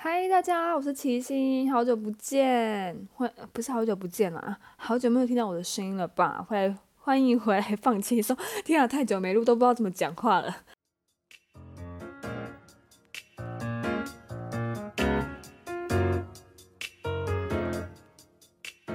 嗨，Hi, 大家，我是齊星，好久不見，不是好久不見啦，好久沒有聽到我的聲音了吧？回來，歡迎回來放棄，放輕鬆，聽了太久沒錄，都不知道怎麼講話了。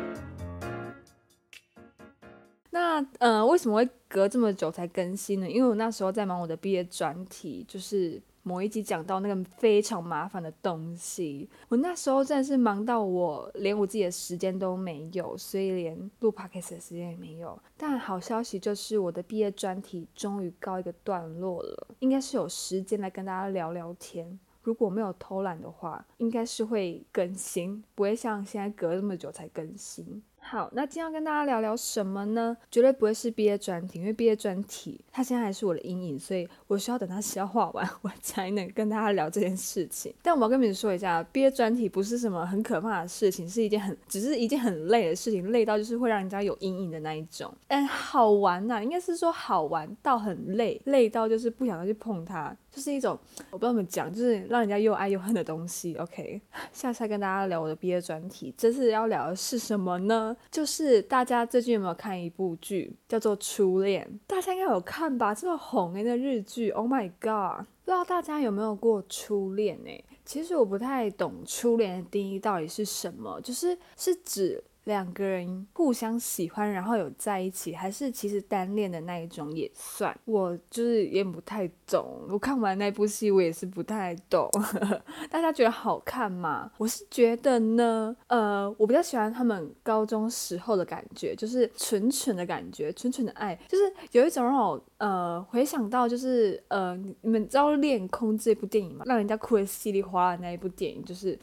那呃，為什麼會隔這麼久才更新呢？因為我那時候在忙我的畢業專題，就是。某一集講到那個非常麻煩的東西，我那時候真的是忙到我連我自己的時間都沒有，所以連錄 Podcast 的時間也沒有。但好消息就是我的畢業專題終於告一個段落了，應該是有時間來跟大家聊聊天。如果沒有偷懶的話，應該是會更新，不會像現在隔了那麼久才更新。好，那今天要跟大家聊聊什麼呢？絕對不會是畢業專題，因為畢業專題它現在還是我的陰影，所以我需要等它消化完，我才能跟大家聊這件事情。但我要跟你們說一下，畢業專題不是什麼很可怕的事情，是一件很，只是一件很累的事情，累到就是會讓人家有陰影的那一種。嗯，好玩吶、啊，應該是說好玩到很累，累到就是不想再去碰它。就是一種，我不知道怎麼講，就是讓人家又愛又恨的東西。OK，下次再跟大家聊我的畢業專題。這次要聊的是什麼呢？就是大家最近有沒有看一部劇，叫做《初戀》？大家應該有看吧？這麼紅誒那日劇。Oh my god！不知道大家有沒有過初戀、欸？哎，其實我不太懂初戀的定義到底是什麼，就是是指。兩個人互相喜歡，然後有在一起，還是其實單戀的那一種也算。我就是也不太懂，我看完那部戲，我也是不太懂。 大家覺得好看嘛？我是覺得呢，呃，我比較喜歡他們高中時候的感覺，就是純純的感覺，純純的愛，就是有一種讓我呃回想到就是呃，你們知道《戀空》這部電影嘛，讓人家哭得稀里嘩啦的那一部電影，就是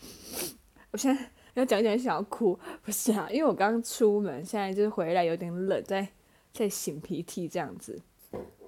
我現在。要講起來想要哭，不是啊，因為我剛出門，現在就是回來有點冷，在在擤鼻涕這樣子。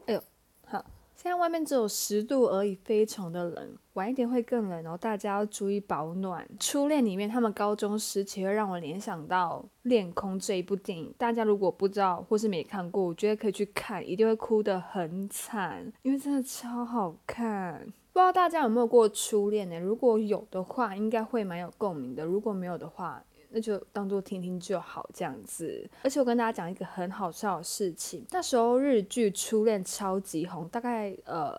哎呦，好，現在外面只有十度而已，非常的冷，晚一點會更冷哦，然後大家要注意保暖。初戀裡面，他們高中時期會讓我聯想到《戀空》這一部電影，大家如果不知道或是沒看過，我覺得可以去看，一定會哭得很慘，因為真的超好看。不知道大家有沒有過初戀呢、欸？如果有的話，應該會蠻有共鳴的；如果沒有的話，那就當做聽聽就好這樣子。而且我跟大家講一個很好笑的事情：那時候日劇《初戀》超級紅，大概呃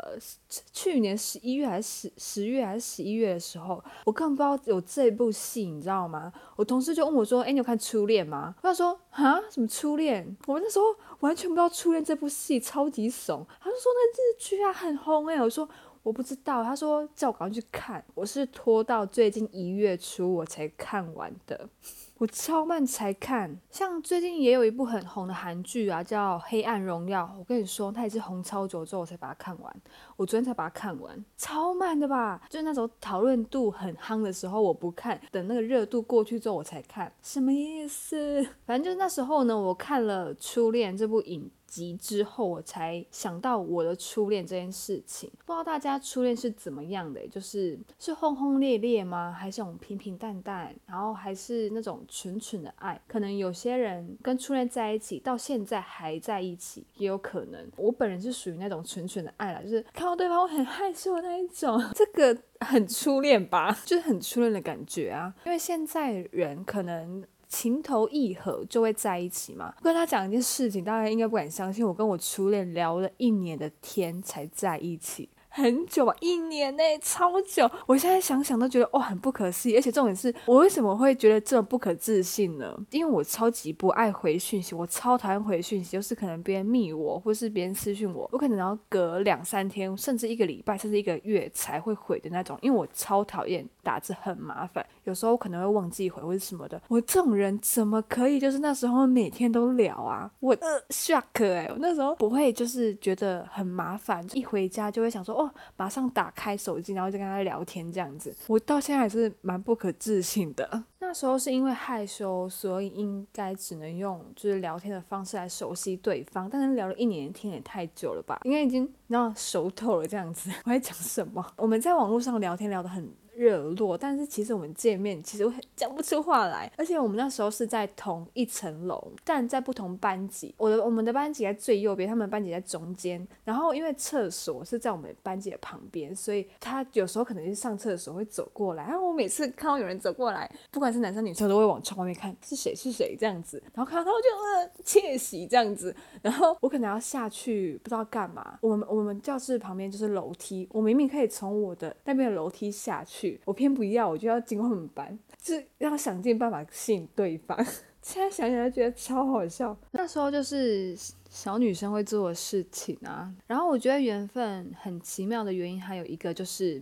去年十一月還是十十月還是十一月的時候，我根本不知道有這部戲，你知道嗎？我同事就問我說：“哎、欸，你有看《初戀》嗎？”我說：“啊，什麼《初戀》？我們那時候完全不知道《初戀》這部戲超級慫。”他就說：“那日劇啊很紅哎、欸。”我說。我不知道，他說叫我趕快去看，我是拖到最近一月初我才看完的，我超慢才看。像最近也有一部很紅的韓劇啊，叫《黑暗榮耀》，我跟你說，它也是紅超久之後我才把它看完，我昨天才把它看完，超慢的吧？就是那時候討論度很夯的時候我不看，等那個熱度過去之後我才看，什麼意思？反正就是那時候呢，我看了《初戀》這部影集之後我才想到我的初戀這件事情，不知道大家初戀是怎麼樣的，就是是轟轟烈烈嗎？還是那種平平淡淡？然後還是那種純純的愛？可能有些人跟初戀在一起到現在還在一起，也有可能。我本人是屬於那種純純的愛啦，就是看到對方我很害羞的那一種，這個很初戀吧，就是很初戀的感覺啊。因為現在人可能。情投意合，就會在一起嗎？跟他講一件事情，大家應該不敢相信，我跟我初戀聊了一年的天才在一起。很久吧，一年內超久。我現在想想都覺得哦，很不可思議。而且重點是我為什麼會覺得這種不可置信呢？因為我超級不愛回訊息，我超討厭回訊息，就是可能別人密我，或是別人私訊我，我可能要隔兩三天，甚至一個禮拜，甚至一個月才會回的那種。因為我超討厭打字，很麻煩，有時候我可能會忘記回或者什麼的。我這種人怎麼可以，就是那時候每天都聊啊，我呃 shock 哎、欸，我那時候不會就是覺得很麻煩，一回家就會想說哦。馬上打開手機，然後就跟他聊天這樣子。我到現在還是蠻不可置信的。那時候是因為害羞，所以應該只能用就是聊天的方式來熟悉對方。但是聊了一年天也太久了吧？應該已經然後熟透了這樣子。我在講什麼？我們在網絡上聊天聊得很熱絡，但是其實我們見面其實我很講不出話來，而且我們那時候是在同一層樓，但在不同班級。我的我們的班級在最右邊，他們的班級在中間。然後因為廁所是在我們班級的旁邊，所以他有時候可能就是上廁所會走過來。然後我每次看到有人走過來，不管是男生女生，都會往窗外面，看是誰是誰這樣子。然後看到他就呃竊喜這樣子。然後我可能要下去，不知道幹嘛。我們我們教室旁邊就是樓梯，我明明可以從我的那邊的樓梯下去。我偏不要，我就要經過他們班，就要想盡辦法吸引對方。現在想起來就覺得超好笑，那時候就是小女生會做的事情啊。然後我覺得緣分很奇妙的原因還有一個就是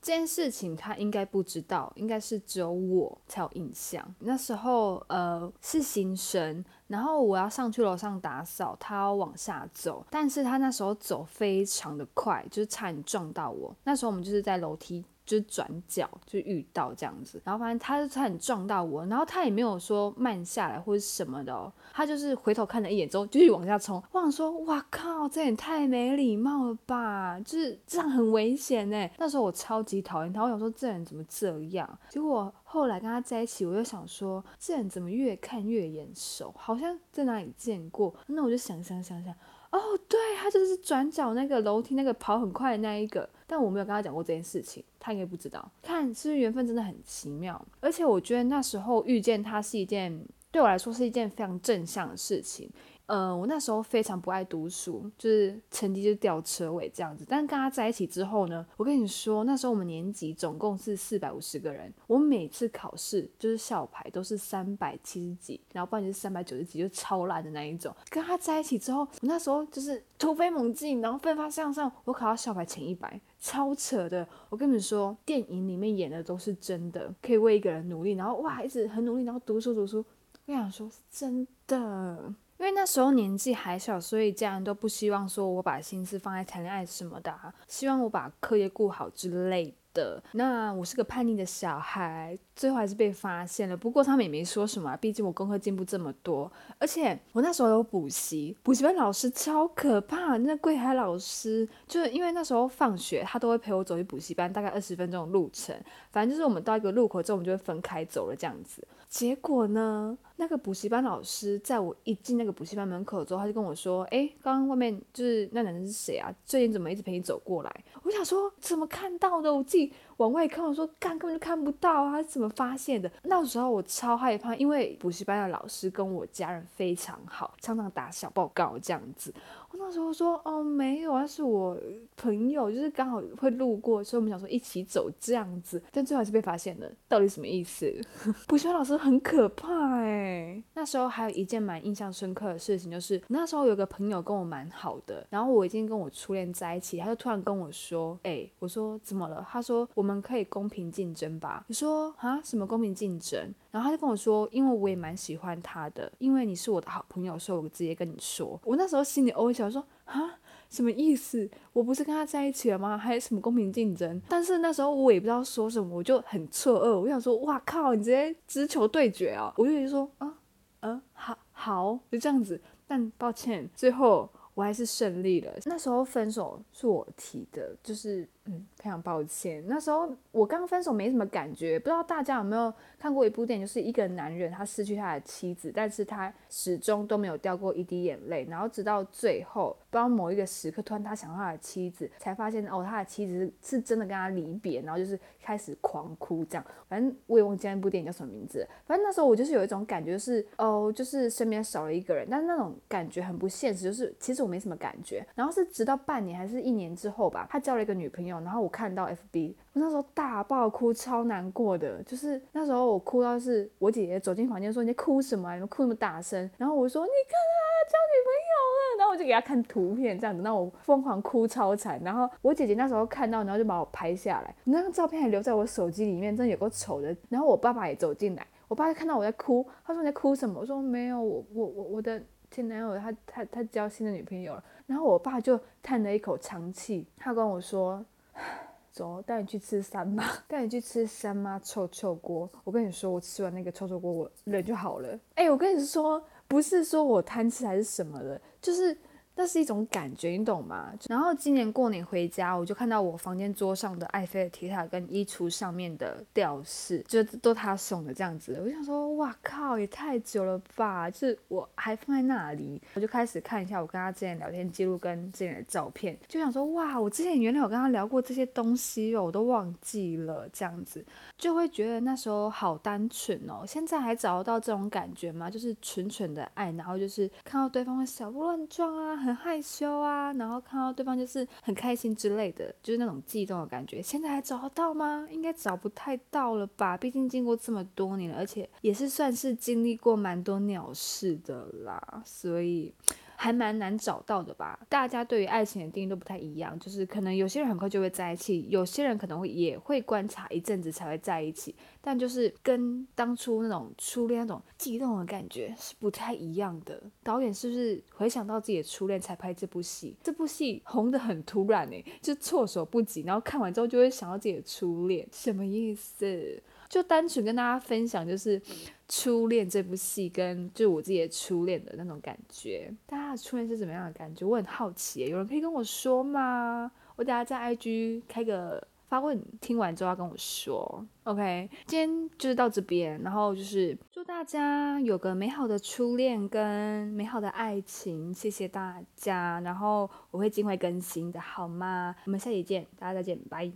這件事情他應該不知道，應該是只有我才有印象。那時候呃是新生。然後我要上去樓上打掃，他要往下走，但是他那時候走非常的快，就是差點撞到我。那時候我們就是在樓梯，就是轉角就遇到這樣子。然後反正他就差點撞到我，然後他也沒有說慢下來或者什麼的哦，他就是回頭看了一眼之後繼續往下衝。我想說，哇靠，這也太沒禮貌了吧？就是這樣很危險欸。那時候我超級討厭他，我想說這人怎麼這樣？結果。後來跟他在一起，我就想說，這人怎麼越看越眼熟，好像在哪裡見過。那我就想想想想，哦，對，他就是轉角那個樓梯那個跑很快的那一個。但我沒有跟他講過這件事情，他應該不知道。看，是不是緣分真的很奇妙？而且我覺得那時候遇見他是一件，對我來說是一件非常正向的事情。呃，我那時候非常不愛讀書，就是成績就吊車尾這樣子。但是跟他在一起之後呢，我跟你說，那時候我們年級總共是四百五十個人，我每次考試就是校排都是三百七十幾，然後不然就是三百九十幾，就是，超爛的那一種。跟他在一起之後，我那時候就是突飛猛進，然後奮發向上，我考到校排前一百，超扯的。我跟你們說，電影裡面演的都是真的，可以為一個人努力，然後哇，一直很努力，然後讀書讀書。我想說，是真的。因為那時候年紀還小，所以家人都不希望說我把心思放在談戀愛什麼的啊，希望我把課業顧好之類的。那我是個叛逆的小孩，最後還是被發現了。不過他們也沒說什麼啊，畢竟我功課進步這麼多，而且我那時候有補習，補習班老師超可怕，那櫃台老師就是因為那時候放學，他都會陪我走去補習班，大概二十分鐘的路程。反正就是我們到一個路口之後，我們就會分開走了這樣子。結果呢？那個補習班老師在我一進那個補習班門口之後，他就跟我說：“哎，剛剛外面就是那男人是誰啊？最近怎麼一直陪你走過來？”我想說怎麼看到的？我自己往外看，我說看根本就看不到啊，他是怎麼發現的？那時候我超害怕，因為補習班的老師跟我家人非常好，常常打小報告這樣子。我那時候我說：“哦，沒有啊，是我朋友，就是剛好會路過，所以我們想說一起走這樣子。”但最後還是被發現了，到底什麼意思？ 補習班老師很可怕哎。那時候還有一件蠻印象深刻的事情，就是那時候有個朋友跟我蠻好的，然後我已經跟我初戀在一起，他就突然跟我說：“哎、欸，我說怎麼了？”他說：“我們可以公平競爭吧？”你說：“啊，什麼公平競爭？”然後他就跟我說：“因為我也蠻喜歡他的，因為你是我的好朋友，所以我直接跟你說。”我那時候心裡哦一下我說：“什麼意思？我不是跟他在一起了嗎？還有什麼公平競爭？但是那時候我也不知道說什麼，我就很錯愕。我想說，哇靠，你直接直球對決啊！我就一直說，啊，啊，好，好，就這樣子。但抱歉，最後我還是勝利了。那時候分手是我提的，就是。嗯，非常抱歉。那時候我剛分手，沒什麼感覺。不知道大家有沒有看過一部電影，就是一個男人，他失去他的妻子，但是他始終都沒有掉過一滴眼淚。然後直到最後，不知道某一個時刻，突然他想到他的妻子，才發現哦，他的妻子是，是真的跟他離別。然後就是開始狂哭，這樣。反正我也忘記那部電影叫什麼名字。反正那時候我就是有一種感覺，就是，是哦，就是身邊少了一個人，但是那種感覺很不現實，就是其實我沒什麼感覺。然後是直到半年還是一年之後吧，他交了一個女朋友。然後我看到 FB，我那時候大爆哭，超難過的。就是那時候我哭到是我姐姐走進房間說：“你在哭什麼？你哭那麼大聲？”然後我說：“你看啊，交女朋友了。”然後我就給他看圖片，這樣子，那我瘋狂哭超慘。然後我姐姐那時候看到，然後就把我拍下來。那張照片還留在我手機裡面，真的有個醜的。然後我爸爸也走進來，我爸看到我在哭，他說：“你在哭什麼？”我說：“沒有，我我我我的前男友他他他、他交新的女朋友了。”然後我爸就嘆了一口長氣，他跟我說。走，帶你去吃三媽，帶你去吃三媽臭臭鍋。我跟你說，我吃完那個臭臭鍋，我人就好了。哎、欸，我跟你說，不是說我貪吃還是什麼的，就是。那是一種感覺，你懂嗎？然後今年過年回家，我就看到我房間桌上的艾菲爾鐵塔跟衣櫥上面的吊飾，就都他送的這樣子。我就想說，哇靠，也太久了吧？就是我還放在那裡，我就開始看一下我跟他之前聊天記錄跟之前的照片，就想說，哇，我之前原來有跟他聊過這些東西哦，我都忘記了這樣子，就會覺得那時候好單純哦。現在還找得到這種感覺嗎？就是純純的愛，然後就是看到對方的小鹿亂撞啊。很害羞啊，然後看到對方就是很開心之類的，就是那種悸動的感覺。現在還找得到嗎？應該找不太到了吧，畢竟經過這麼多年了，而且也是算是經歷過蠻多鳥事的啦，所以。還蠻難找到的吧？大家對於愛情的定義都不太一樣，就是可能有些人很快就會在一起，有些人可能也會觀察一陣子才會在一起。但就是跟當初那種初戀那種激動的感覺是不太一樣的。導演是不是回想到自己的初戀才拍這部戲？這部戲紅得很突然呢、欸，就措手不及。然後看完之後就會想到自己的初戀，什麼意思？就單純跟大家分享，就是初戀這部戲跟就我自己的初戀的那種感覺。大家的初戀是怎麼樣的感覺？我很好奇，有人可以跟我說嗎？我等一下在 IG 開個發問，聽完之後要跟我說，OK？今天就是到這邊，然後就是祝大家有個美好的初戀跟美好的愛情，謝謝大家。然後我會盡快更新的，好嗎？我們下集見，大家再見，拜。